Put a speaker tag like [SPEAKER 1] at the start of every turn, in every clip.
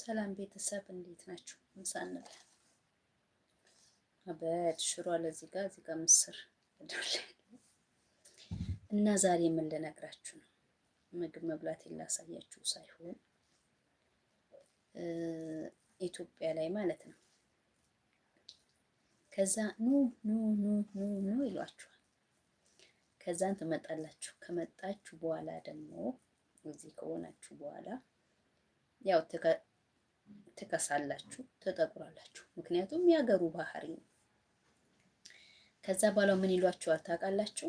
[SPEAKER 1] ሰላም ቤተሰብ እንዴት ናችሁ? ምሳ እንበል አበት ሽሮ አለ እዚህ ጋር እዚህ ጋር ምስር እና ዛሬ ምን ልነግራችሁ ነው ምግብ መብላት ላሳያችሁ ሳይሆን ኢትዮጵያ ላይ ማለት ነው። ከዛ ኑ ኑ ኑ ኑ ኑ ይሏችኋል። ከዛን ትመጣላችሁ። ከመጣችሁ በኋላ ደግሞ እዚህ ከሆናችሁ በኋላ ያው ትከሳላችሁ፣ ትጠቁራላችሁ። ምክንያቱም የሀገሩ ባህሪ ነው። ከዛ በኋላ ምን ይሏችኋል ታውቃላችሁ?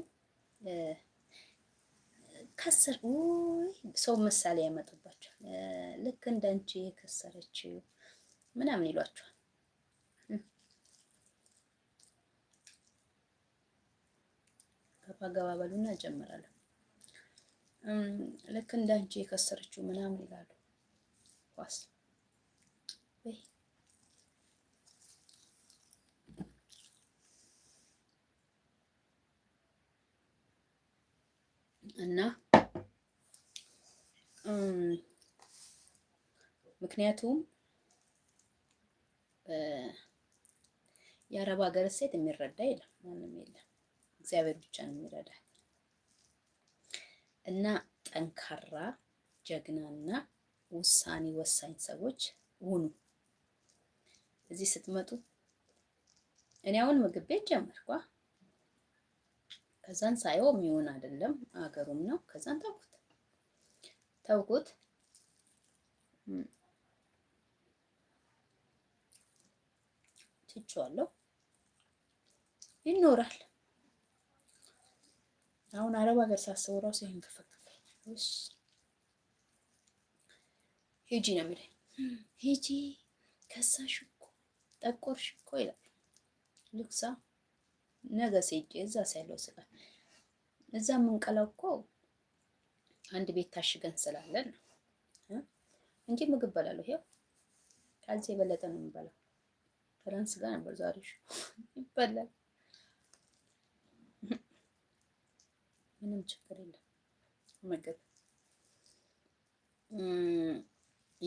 [SPEAKER 1] ከሰር ሰው ምሳሌ ያመጡባቸዋል። ልክ እንዳንቺ የከሰረችው ምናምን ይሏችኋል። ገባ ገባ በሉና እጀምራለሁ። ልክ እንዳንቺ የከሰረችው ምናምን ይላሉ ኳስ እና ምክንያቱም የአረብ ሀገር ሴት የሚረዳ የለም፣ ማንም የለም። እግዚአብሔር ብቻ ነው የሚረዳ እና ጠንካራ ጀግናና ውሳኔ ወሳኝ ሰዎች ሁኑ። እዚህ ስትመጡ እኔ አሁን ምግብ ቤት ጀመርኳ። ከዛን ሳየው የሚሆን አይደለም አገሩም ነው። ከዛን ተውኩት ተውኩት። ትቼዋለሁ። ይኖራል። አሁን አረብ ሀገር ሳስበው ራሱ ይሄን ከፈከፈ ሂጂ ነው የሚለኝ። ሂጂ ከሳሽ እኮ ጠቆርሽ እኮ ይላል ልክሳ ነገ ሴጄ እዛ ሳይለው ስላል እዛ የምንቀለው እኮ አንድ ቤት ታሽገን ስላለን ነው እንጂ ምግብ በላለሁ። ይሄው ከዚህ የበለጠ ነው የምበላው። ትናንት ስጋ ነበር፣ ዛሬ ይበላል። ምንም ችግር የለም። ምግብ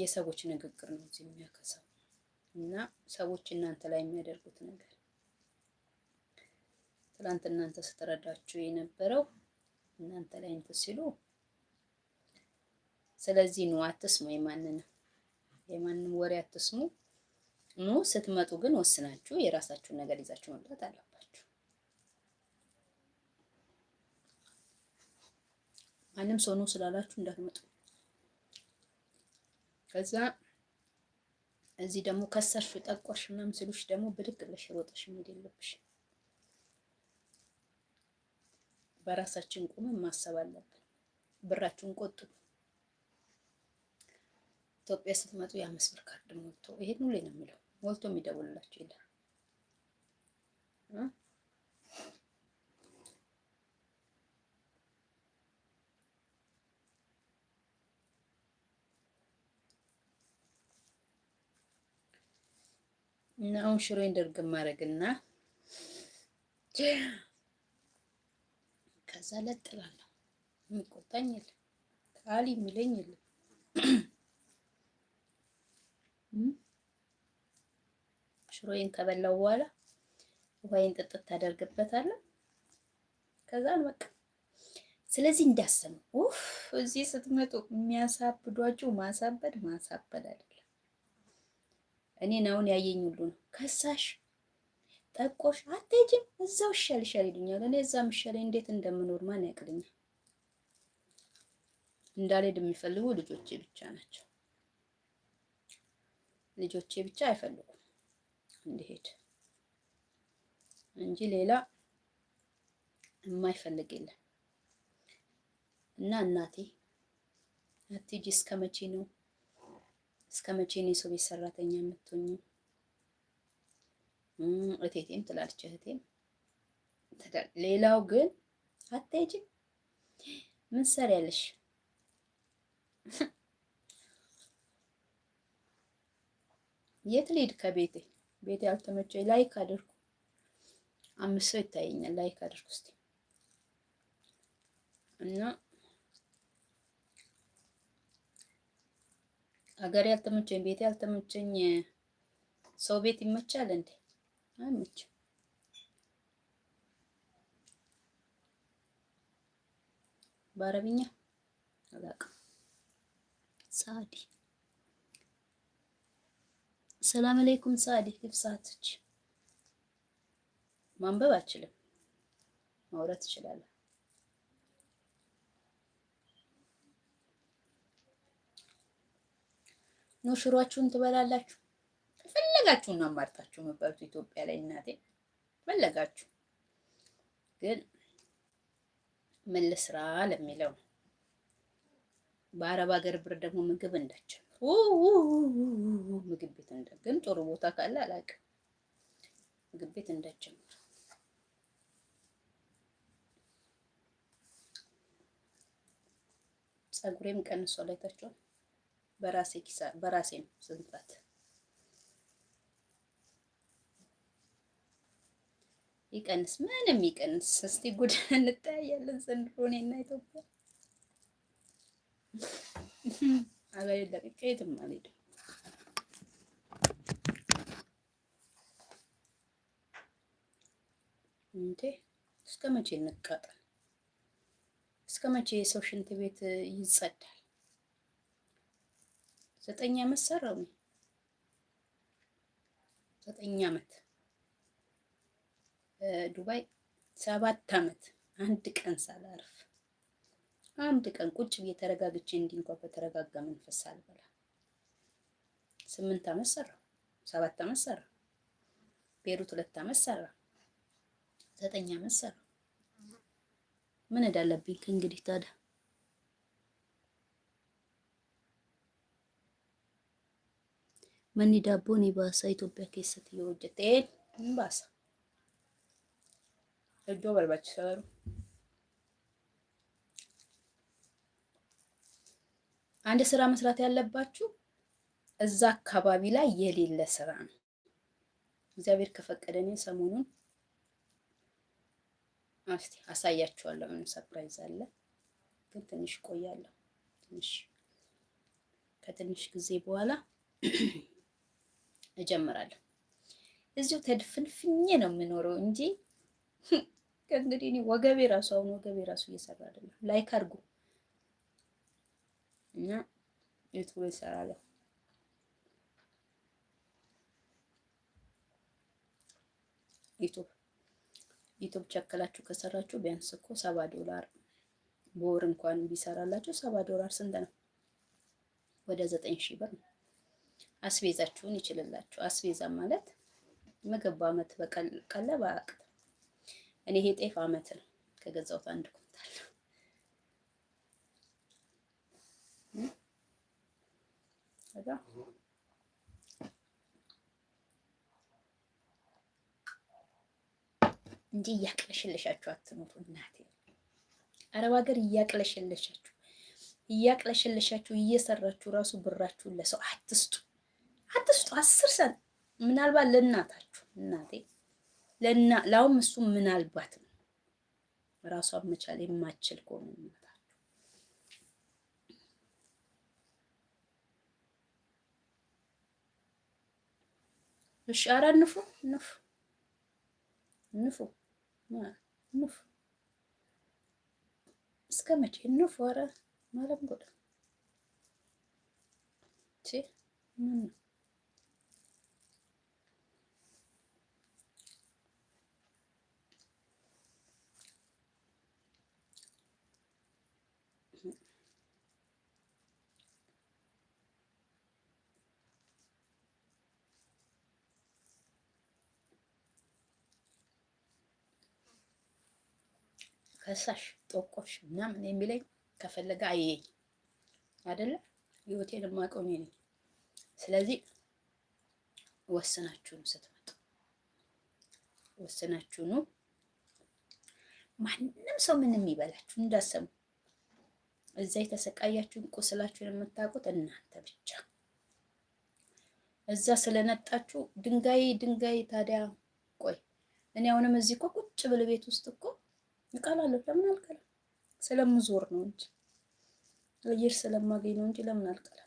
[SPEAKER 1] የሰዎች ንግግር ነው እዚህ የሚያከሰው እና ሰዎች እናንተ ላይ የሚያደርጉት ነገር ትናንት እናንተ ስትረዳችሁ የነበረው እናንተ ላይ እንትን ሲሉ፣ ስለዚህ ኑ አትስሙ፣ የማንንም የማንም ወሬ አትስሙ። ኑ ስትመጡ ግን ወስናችሁ የራሳችሁን ነገር ይዛችሁ መምጣት አለባችሁ። ማንም ሰው ኑ ስላላችሁ እንዳትመጡ። ከዛ እዚህ ደግሞ ከሰርሽ፣ ጠቆርሽ ምናምን ሲሉሽ ደግሞ ብድግ ብለሽ ሮጠሽ መሄድ የለብሽ። በራሳችን ቁመን ማሰብ አለብን። ብራችሁን ቆጥቡ። ኢትዮጵያ ስትመጡ የአምስት ብር ካርድ ሞልቶ ይሄን ሁሌ ነው የሚለው ሞልቶ የሚደውልላችሁ ይላል። እና አሁን ሽሮ እንደርግ ማድረግና ከዛ ለጥላለሁ። የሚቆጣኝ ቃል የሚለኝ ሽሮዬን ከበላው በኋላ ውሃዬን ጥጥት ታደርግበታለሁ። ከዛን በቃ ስለዚህ እንዳሰሙ ኡፍ፣ እዚህ ስትመጡ የሚያሳብዷችሁ ማሳበድ ማሳበድ አይደለም። እኔን አሁን ያየኝ ሁሉ ነው ከሳሽ ጠቆሽ አትሄጂም፣ እዛው ይሻል ይሻል ይሉኛል። እኔ እዛ የሚሻለኝ እንዴት እንደምኖር ማን ያቅልኛል? እንዳልሄድ የሚፈልጉ ልጆቼ ብቻ ናቸው። ልጆቼ ብቻ አይፈልጉም እንዲሄድ እንጂ ሌላ የማይፈልግ የለም። እና እናቴ አትሂጂ እስከ መቼ ነው እስከ መቼ ነው የሰው ቤት ሰራተኛ የምትሆኝው? እቴቴም ትላለች እህቴም። ሌላው ግን አትሄጂም፣ ምን ሰሪያለሽ? የት ልሂድ ከቤቴ? ቤቴ ያልተመቸኝ። ላይክ አድርጉ። አምስት ሰው ይታየኛል። ላይክ አድርጉ እስኪ እና ሀገር ያልተመቸኝ ቤቴ ያልተመቸኝ ሰው ቤት ይመቻል እንዴ? አይመችም። በአረብኛ አላውቅም። ሳዲ ሰላም አለይኩም ሳዲ ልብሳትች ማንበብ አችልም፣ ማውራት እችላለሁ። ኖ ሽሯችሁን ትበላላችሁ። ፈለጋችሁን አማርጣችሁ መባሉት ኢትዮጵያ ላይ እናቴ ፈለጋችሁ ግን ምን ልስራ ለሚለው በአረብ ሀገር ብር ደግሞ ምግብ እንዳችል ምግብ ቤት እንደ ግን ጥሩ ቦታ ካለ አላውቅም። ምግብ ቤት እንዳጀምር ጸጉሬም ቀንሶ ላይታችኋል። በራሴ ኪሳ በራሴ ነው ስንፋት ይቀንስ ምንም ይቀንስ። እስቲ ጉድ እንታያለን ዘንድሮ እኔና ኢትዮጵያ። አገሬ ለቅቄ የትም አልሄድም። እንዴ እስከ መቼ እንቃጠል? እስከ መቼ የሰው ሽንት ቤት ይጸዳል? ዘጠኝ አመት ሰራው ዘጠኝ አመት ዱባይ ሰባት አመት አንድ ቀን ሳላርፍ አንድ ቀን ቁጭ ብዬ ተረጋግቼ እንዲህ በተረጋጋ መንፈስ ሳልበላ ስምንት አመት ሰራ፣ ሰባት አመት ሰራ፣ ቤሩት ሁለት አመት ሰራ፣ ዘጠኝ አመት ሰራ። ምን እዳለብኝ ከእንግዲህ ታዲያ? መኒ ዳቦ ባሳ ኢትዮጵያ ከሰት የወጀቴ ባሳ Eddoo barbaachisaadha. አንድ ስራ መስራት ያለባችሁ እዛ አካባቢ ላይ የሌለ ስራ ነው። እግዚአብሔር ከፈቀደኝ ሰሞኑን እስቲ አሳያችኋለሁ። ምን ሰርፕራይዝ አለ፣ ግን ትንሽ ቆያለሁ። ትንሽ ከትንሽ ጊዜ በኋላ እጀምራለሁ። እዚሁ ተድፍንፍኜ ነው የምኖረው እንጂ እንግዲህ እኔ ወገቤ ራሱ አሁን ወገቤ ራሱ እየሰራ አይደለም። ላይክ አድርጉ እና ዩቱብ ይሰራለሁ። ዩቱብ ዩቱብ ቸክላችሁ ከሰራችሁ ቢያንስ እኮ ሰባ ዶላር በወር እንኳን ቢሰራላችሁ ሰባ ዶላር ስንት ነው? ወደ ዘጠኝ ሺህ ብር ነው። አስቤዛችሁን ይችልላችሁ። አስቤዛ ማለት ምግብ በዓመት በቀለብ እኔ ይሄ ጤፍ አመት ነው ከገዛሁት አንድ ኩንታል ነው። እንጂ እያቅለሽለሻችሁ አትኑሩ እናቴ። አረብ ሀገር እያቅለሽለሻችሁ እያቅለሸለሻችሁ እየሰራችሁ ራሱ ብራችሁን ለሰው አትስጡ፣ አትስጡ። አስር ሰን ምናልባት ለእናታችሁ እናቴ ለና ላውም እሱ ምናልባት ነው ራሷን መቻል የማችል ከሆነ እሺ፣ ኧረ ንፉ ንፉ ንፉ ንፉ እስከ መቼ ንፉ? ኧረ ማለም ጎዳ ምን ነው ከሳሽ ጦቆሽ ምናምን የሚለኝ ከፈለገ አየኝ አደለ? ህይወቴን የማውቀው እኔ ነኝ። ስለዚህ ወስናችሁን ስትመጡ ወስናችሁኑ ማንም ሰው ምንም ይበላችሁ እንዳሰሙ እዛ የተሰቃያችሁን ቁስላችሁን የምታውቁት እናንተ ብቻ። እዛ ስለነጣችሁ ድንጋይ ድንጋይ ታዲያ ቆይ እኔ አሁንም እዚህ እኮ ቁጭ ብል ቤት ውስጥ እኮ እቃላለሁ። ለምን አልቀላም? ስለምዞር ነው እንጂ አየር ስለማገኝ ነው እንጂ ለምን አልቀላም?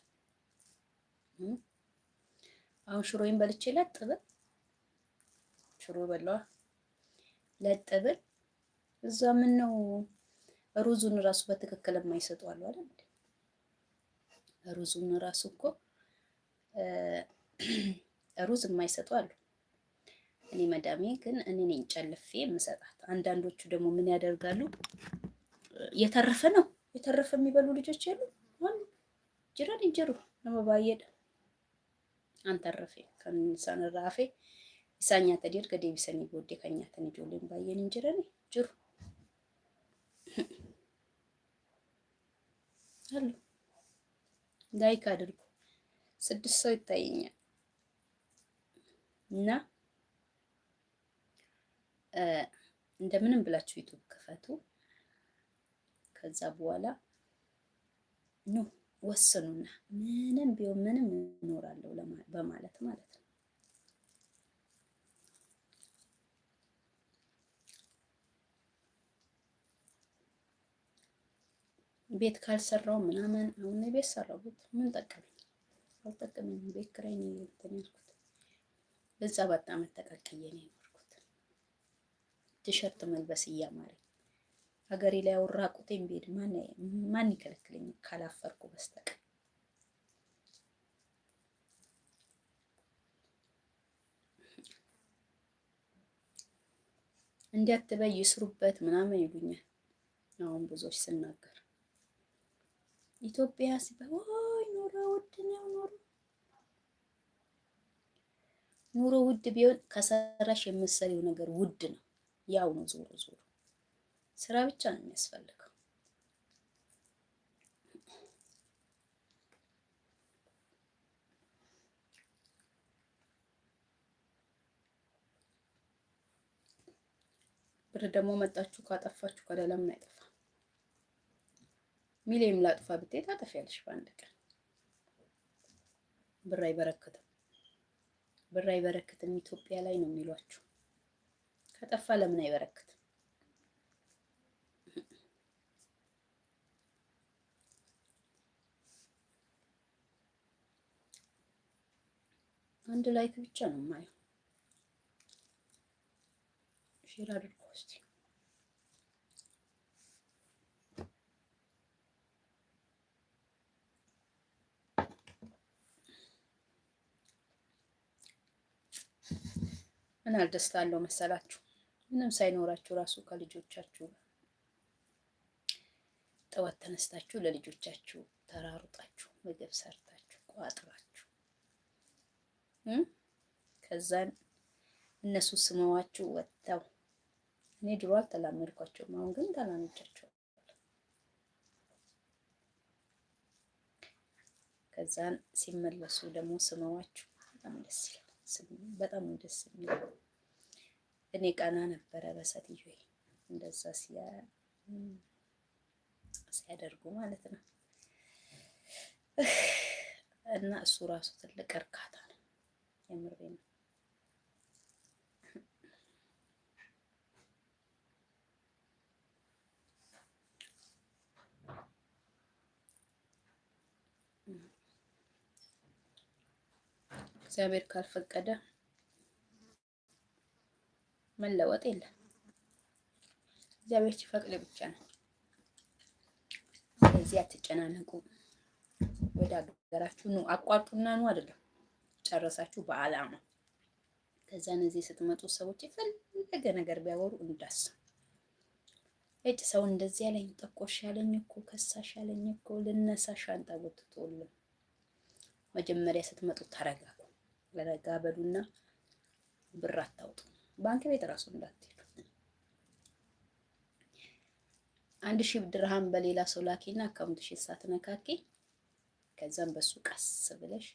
[SPEAKER 1] አሁን ሽሮዬን በልቼ ለጥብን ሽሮ በላዋ ለጥብን እዛ ምን ነው ሩዙን ራሱ በትክክል የማይሰጡ አሉ አይደል? ሩዙን ራሱ እኮ ሩዝ የማይሰጡ አሉ። እኔ መዳሜ ግን እኔ ነኝ ጨልፌ የምሰጣት። አንዳንዶቹ ደግሞ ምን ያደርጋሉ? የተረፈ ነው የተረፈ የሚበሉ ልጆች ያሉ ጅራን እንጀሩ ለመባየድ አንተረፌ ከንሳን ራፌ ኢሳኛ ተዲር ከዴቢሰኒ ጎዴ ከኛ ተንጆልን ባየን እንጀራን ጅሩ አሉ ላይክ አድርጉ። ስድስት ሰው ይታየኛል እና እንደምንም ብላችሁ ዩቱብ ክፈቱ። ከዛ በኋላ ኑ ወስኑና ምንም ቢሆን ምንም እኖራለሁ በማለት ማለት ነው። ቤት ካልሰራው ምናምን አሁን ቤት ሰራሁት፣ ምን ጠቀመኝ? አልጠቀመኝም። ቤት ክራይ ነው እንትን በዛ በጣም ተቀቅዬ ነው ቲሸርት መልበስ እያማረኝ ሀገሬ ላይ አውራ አውራቁቴን ብሄድ ማን ይከለክለኝ ካላፈርኩ በስተቀር። እንዲያትበይ ይስሩበት ምናምን ይሉኛል። አሁን ብዙዎች ስናገር ኢትዮጵያ ሲባል ኑሮ ውድ ነው። ኑሮ ኑሮ ውድ ቢሆን ከሰራሽ የምትሰሪው ነገር ውድ ነው። ያው ነው ዞሮ ዞሮ ስራ ብቻ ነው የሚያስፈልገው። ብር ደግሞ መጣችሁ ካጠፋችሁ ከዳ ለምን አይጠፋ? ሚሊየም ላጥፋ ብታይ ታጠፊያለሽ በአንድ ቀን። ብር አይበረክትም፣ ብር አይበረክትም ኢትዮጵያ ላይ ነው የሚሏችሁ። ከጠፋ ለምን አይበረክትም? አንድ ላይክ ብቻ ነው የማየው። ሼር አድርጎ እስቲ ምን ደስታ አለው መሰላችሁ? ምንም ሳይኖራችሁ ራሱ ከልጆቻችሁ ጠዋት ተነስታችሁ ለልጆቻችሁ ተራሩጣችሁ ምግብ ሰርታችሁ ቋጥራችሁ ከዛን እነሱ ስመዋችሁ ወጥተው እኔ ድሮ አልተላመድኳቸውም፣ አሁን ግን ተላምጃቸዋለሁ። ከዛን ሲመለሱ ደግሞ ስመዋችሁ በጣም ደስ ይላል። በጣም ደስ የሚል እኔ ቀና ነበረ በሰትዮ እንደዛ ሲያደርጉ ማለት ነው። እና እሱ ራሱ ትልቅ እርካታ ነው። የምሬ ነው። እግዚአብሔር ካልፈቀደ መለወጥ የለም። እግዚአብሔር ሲፈቅድ ብቻ ነው። ስለዚህ አትጨናነቁ። ወደ ሀገራችሁ ኑ። አቋርጡና ኑ አይደለም ጨረሳችሁ ነው። ከዛ እነዚህ ስትመጡ ሰዎች የፈለገ ነገር ቢያወሩ እንዳስ እጭ ሰው እንደዚህ ያለኝ ጠቆሽ ያለኝ እኮ ከሳሽ ያለኝ እኮ ልነሳ ሻንጣ ወጥቶል። መጀመሪያ ስትመጡ ተረጋጉ። ረጋ በሉና ብር አታውጡ። ባንክ ቤት እራሱ እንዳትሄዱ። አንድ ሺህ ድርሃም በሌላ ሰው ላኪና አካውንትሽን ሳትነካኪ ከዛም በሱ ቀስ ብለሽ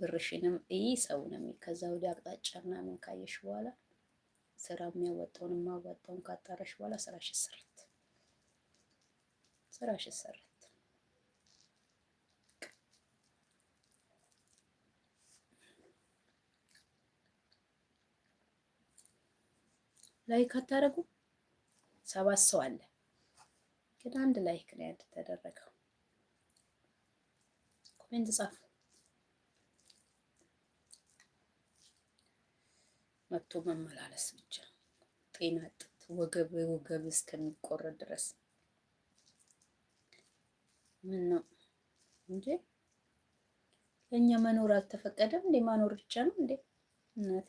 [SPEAKER 1] ብርሽንም እይ ሰውንም ከዛ ወደ አቅጣጫና ምን ካየሽ በኋላ ስራ የሚያወጣውን የማወጣውን ካጣረሽ በኋላ ስራሽ ሰርት ስራሽ ሰርት። ላይክ አታደርጉ። ሰባት ሰው አለ ግን አንድ ላይክ ነው ተደረገው። ኮሜንት ጻፉ። መጥቶ መመላለስ ብቻ ጤና ጥት ወገብ ወገብ እስከሚቆረጥ ድረስ ምን ነው እንጂ ለእኛ መኖር አልተፈቀደም እንዴ? ማኖር ብቻ ነው እንዴ እናቴ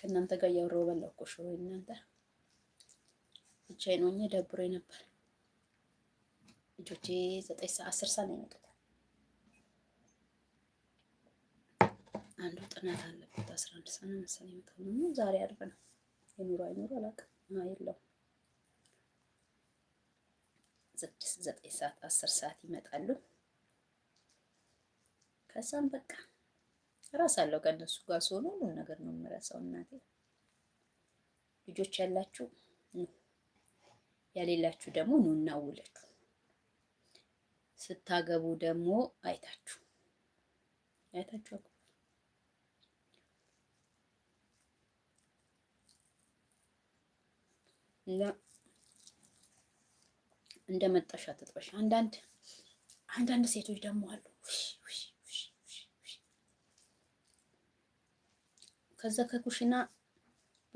[SPEAKER 1] ከእናንተ ጋር እያወራሁ በላሁ እኮ ሽሮ። እናንተ ብቻዬን ሆኜ ደብሮኝ ነበር። ልጆቼ ዘጠኝ ሰዓት አስር ሰዓት ነው የመጡት። አንዱ ጥናት አለበት አስራ አንድ ሰዓት ነው መሰለኝ የመጣው። ዛሬ አርብ ነው። የኑሮ አይኑሮ አላውቅም። የለውም ስድስት ዘጠኝ ሰዓት አስር ሰዓት ይመጣሉ። ከዛም በቃ እረሳለሁ። ከእነሱ ጋር ስሆን ሁሉን ነገር ነው የምረሳው። እናቴ ልጆች ያላችሁ ያሌላችሁ ደግሞ ኑና ውለዱ። ስታገቡ ደግሞ አይታችሁ አይታችሁ እንደ መጣሽ አትጥበሽ። አንዳንድ አንዳንድ ሴቶች ደግሞ አሉ ከዛ ከኩሽና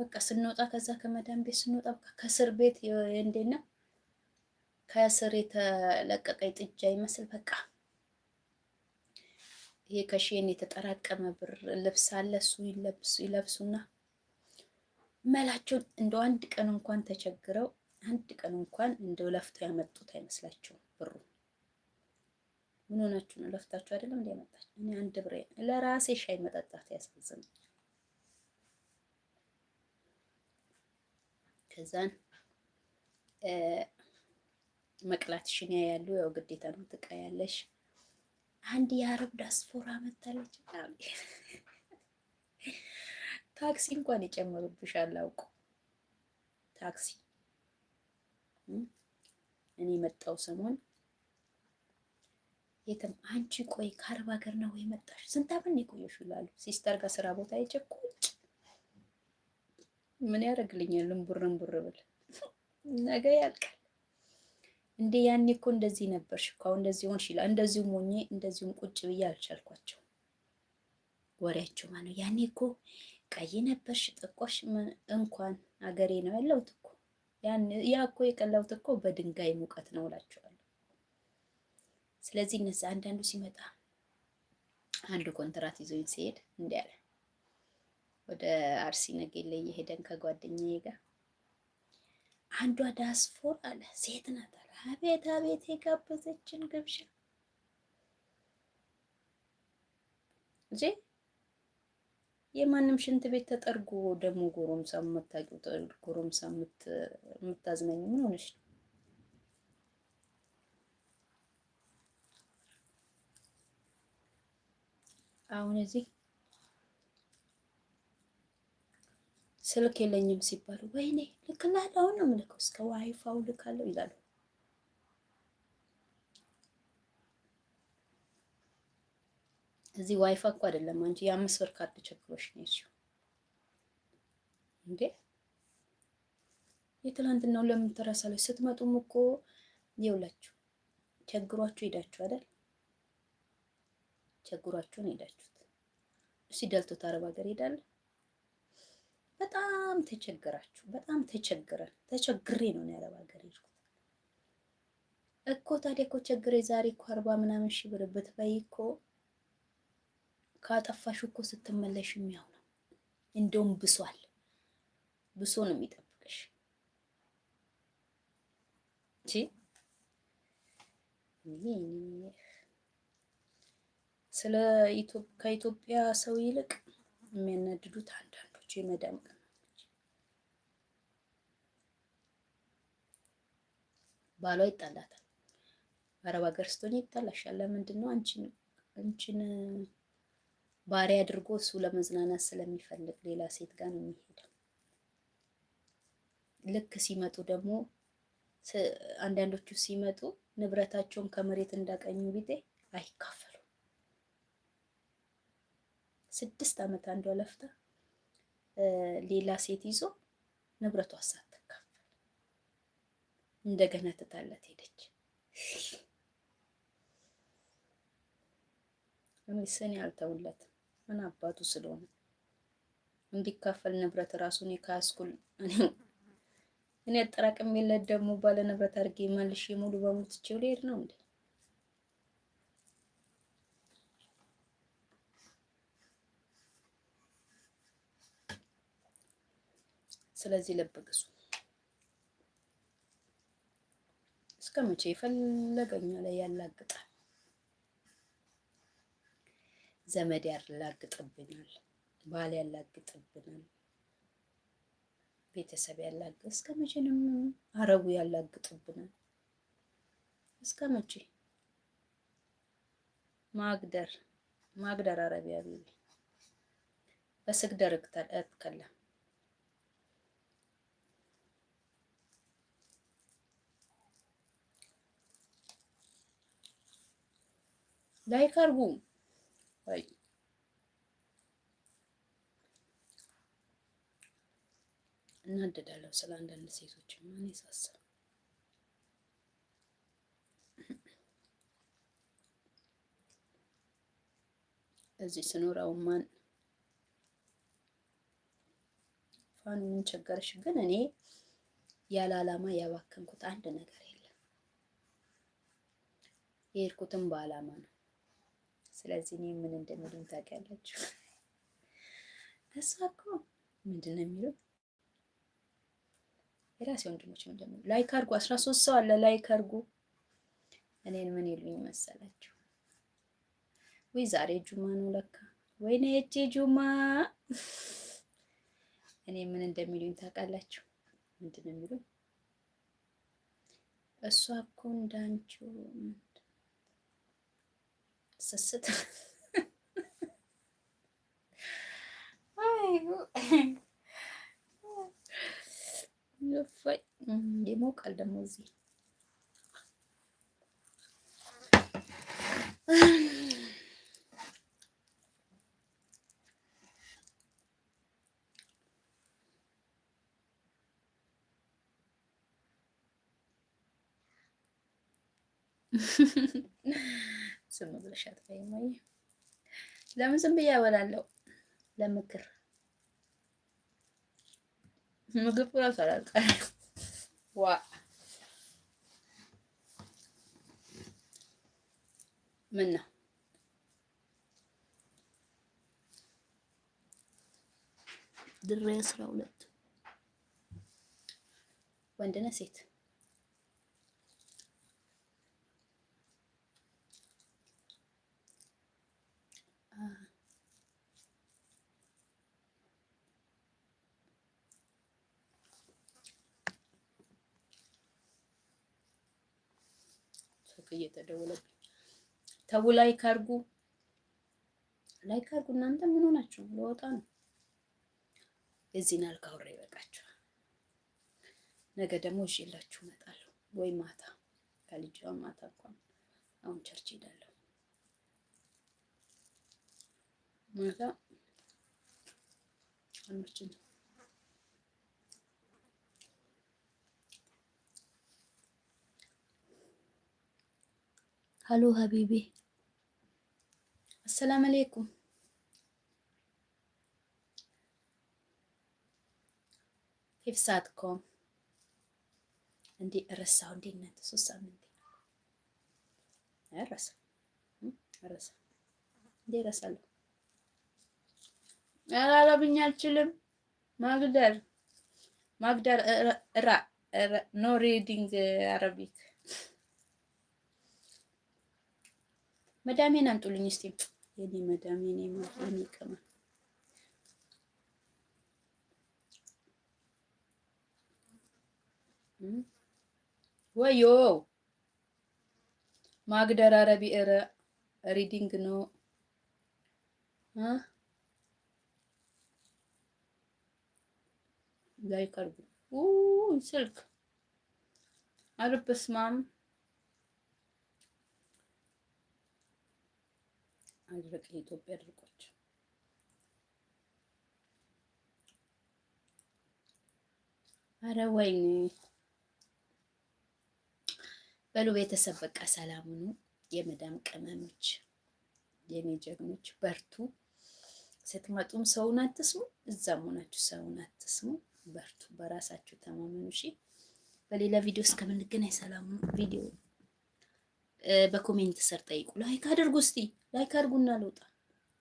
[SPEAKER 1] በቃ ስንወጣ ከዛ ከመዳን ቤት ስንወጣ በቃ ከእስር ቤት እንዴት ነው ከእስር የተለቀቀ ጥጃ ይመስል በቃ ይሄ ከሽን የተጠራቀመ ብር ልብስ አለ። እሱ ይለብሱ ይለብሱና መላቸውን እንደው አንድ ቀን እንኳን ተቸግረው አንድ ቀን እንኳን እንደው ለፍተው ያመጡት አይመስላቸውም ብሩ ምን ሆናችሁ ነው? ለፍታችሁ አይደለም እንዲያመጣችሁ እኔ አንድ ብሬ ለራሴ ሻይ መጠጣት ያሳዝናል። ከዛን መቅላትሽን ያሉ ያው ግዴታ ነው ትቃያለሽ። አንድ የአረብ ዳስፖራ መታለች። ታክሲ እንኳን ይጨምሩብሻል አላውቁ ታክሲ እኔ መጣው ሰሞን የትም አንቺ ቆይ ከአረብ ሀገር ነው የመጣሽ? ስንት አመት ነው የቆየሽው? ይላሉ ሲስተር ጋር ስራ ቦታ ይጨቁጭ ምን ያደርግልኛል? ልምቡር ልምቡር ብል ነገ ያልቃል። እንዴ ያኔ እኮ እንደዚህ ነበርሽ እኮ አሁን እንደዚህ ሆንሽ ይላል። እንደዚሁም ሆኜ እንደዚሁም ቁጭ ብዬ አልቻልኳቸው ወሬያቸው ማለት ነው። ያኔ እኮ ቀይ ነበርሽ ጥቆሽ እንኳን አገሬ ነው ያለሁት እኮ ያን ያ እኮ የቀላሁት እኮ በድንጋይ ሙቀት ነው እላቸዋለሁ። ስለዚህ እነዚህ አንዳንዱ ሲመጣ አንዱ ኮንትራት ይዞ ሲሄድ እንዲህ አለ ወደ አርሲ ነገሌ እየሄደን ከጓደኛዬ ጋር አንዷ ዳስፎር አለ ሴት ናት አለ። አቤት አቤት የጋበዘችን ግብዣ እንጂ የማንም ሽንት ቤት ተጠርጎ ደግሞ ጎረምሳ የምታውቂው ጎረምሳ የምታዝናኝ ምን ሆነሽ ነው? አሁን እዚህ ስልክ የለኝም ሲባሉ ወይኔ ልክልሃለሁ፣ አሁን ነው የምልከው፣ እስከ ዋይፋው ልካለሁ ይላሉ። እዚህ ዋይፋ እኮ አይደለም አንቺ የአምስት ብር ካርድ ቸግሮሽ ነው እሱ እንዴ። የትላንትናው ለምን ትረሳለች? ስትመጡም እኮ ይውላችሁ ቸግሯችሁ ሄዳችሁ አይደል? ቸግሯችሁን ሄዳችሁት። እሺ ደልቶት አረብ ሀገር ሄዳለሁ በጣም ተቸግራችሁ በጣም ተቸግረን ተቸግሬ ነው ያረብ ሀገር ሄድኩት እኮ። ታዲያ እኮ ቸግሬ ዛሬ እኮ አርባ ምናምን ሺህ ብር ብትበይ እኮ ካጠፋሽ እኮ ስትመለሽ የሚያው ነው። እንደውም ብሷል ብሶ ነው የሚጠብቅሽ እንጂ ስለ ከኢትዮጵያ ሰው ይልቅ የሚያናድዱት አንዳንዱ የመዳም ባሏ ይጣላታል። አረብ ሀገር ስትሆኝ ይጣላሻል። ለምንድን ነው አንቺን አንቺን ባሪያ አድርጎ እሱ ለመዝናናት ስለሚፈልግ ሌላ ሴት ጋር ነው የሚሄደው። ልክ ሲመጡ ደግሞ አንዳንዶቹ ሲመጡ ንብረታቸውን ከመሬት እንዳቀኙ ቢጤ አይካፈሉም። ስድስት ዓመት አንዷ ለፍታ ሌላ ሴት ይዞ ንብረቷ ሳትካፈል እንደገና ትታለት ሄደች። ሚስን ያልተውለት ምን አባቱ ስለሆነ እንዲካፈል ንብረት ራሱን የካስኩል እኔ አጠራቅሜለት ደግሞ ባለ ንብረት አድርጌ መልሼ ሙሉ በሙሉ ትቼው ልሄድ ነው እንዴ? ስለዚህ ልብ ግዙ። እስከ መቼ የፈለገኛ ላይ ያላግጣል? ዘመድ ያላግጥብናል፣ ባል ያላግጥብናል፣ ቤተሰብ ያላግ እስከ መቼ ነው? አረቡ ያላግጥብናል እስከ መቼ? ማግደር ማግደር አረቢያ ቢል በስግደር እትከለም ላይክ አርጉ። እናደዳለሁ ስለ አንዳንድ ሴቶች ምን ይሳሰብ እዚህ ስኖር ማን ፋኑ ምን ቸገረሽ? ግን እኔ ያለ አላማ ያባከንኩት አንድ ነገር የለም። የሄድኩትም በአላማ ነው። ስለዚህ እኔ ምን እንደሚሉኝ ታውቃላችሁ? እሷ እኮ ምንድን ነው የሚሉት የራሴ ወንድሞች ምንድን ነው ላይክ አድርጉ፣ አስራ ሶስት ሰው አለ ላይክ አድርጉ። እኔን ምን ይሉኝ መሰላችሁ? ወይ ዛሬ ጁማ ነው ለካ፣ ወይኔ እቺ ጁማ። እኔ ምን እንደሚሉኝ ታውቃላችሁ? ምንድን ነው የሚሉኝ እሷ እኮ እንዳንቺው ce site. Le mmh, mots cal Ha ha ዝም ብለሽ አትበይም ወይ? ለምን ዝም ብዬ እበላለሁ? ለምክር ምግብ እራሱ አላልቃል ዋ ምን ነው ድሬ አስራ ሁለት ወንድነ ሴት እየተደወለብኝ ተው ላይክ ላይክ እናንተ ምን ሆናችሁ? ለወጣ ነው። የዚህን አልካውራ ይበቃችኋል። ነገ ደግሞ ይዤላችሁ እመጣለሁ ወይ ማታ ከልጅ ማታ እንኳን አሁን ቸርች ሄዳለሁ ማታ ሀሎ ሀቢቢ አሰላም አሌይኩም። ፌፍሳት ኮም እንዴ ረሳው እንዴ እናንተ ሶስት ሳምንት ረሳ ረሳ እንዴ ረሳለሁ። አረብኛ አልችልም። ማግደር ማግደር ኖ ሪዲንግ አረቢክ መዳሜን አምጡልኝ እስቲ። የኔ መዳሜ ነው ማለኝ ይቀማ ወዮ ማግደር አረቢ ኧረ ሪዲንግ ነው አ ላይ ቀርቡ ስልክ አልበስማም አድርቅ የኢትዮጵያ ድርቆች አረ ወይኔ በሉ ቤተሰብ በቃ ሰላም ነው። የመዳም ቅመሞች የኔ ጀግኖች በርቱ። ስትመጡም ሰውን አትስሙ፣ እዛም ሆናችሁ ሰውን አትስሙ። በርቱ፣ በራሳችሁ ተማመኑ። እሺ፣ በሌላ ቪዲዮ እስከምንገናኝ ሰላም ነው። ቪዲዮ በኮሜንት ስር ጠይቁ። ላይክ አድርጉ እስቲ ላይክ አድርጉና ልውጣ።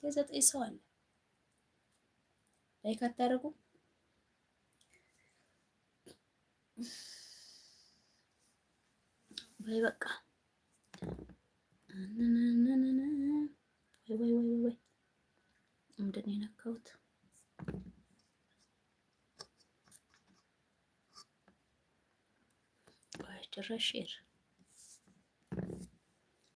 [SPEAKER 1] የዘጠኝ ሰው አለ ላይክ አታደርጉ። ወይ በቃ ወይ ወይ ወይ ወይ ምንድን ነው የነካሁት? ጭራሽ ሼር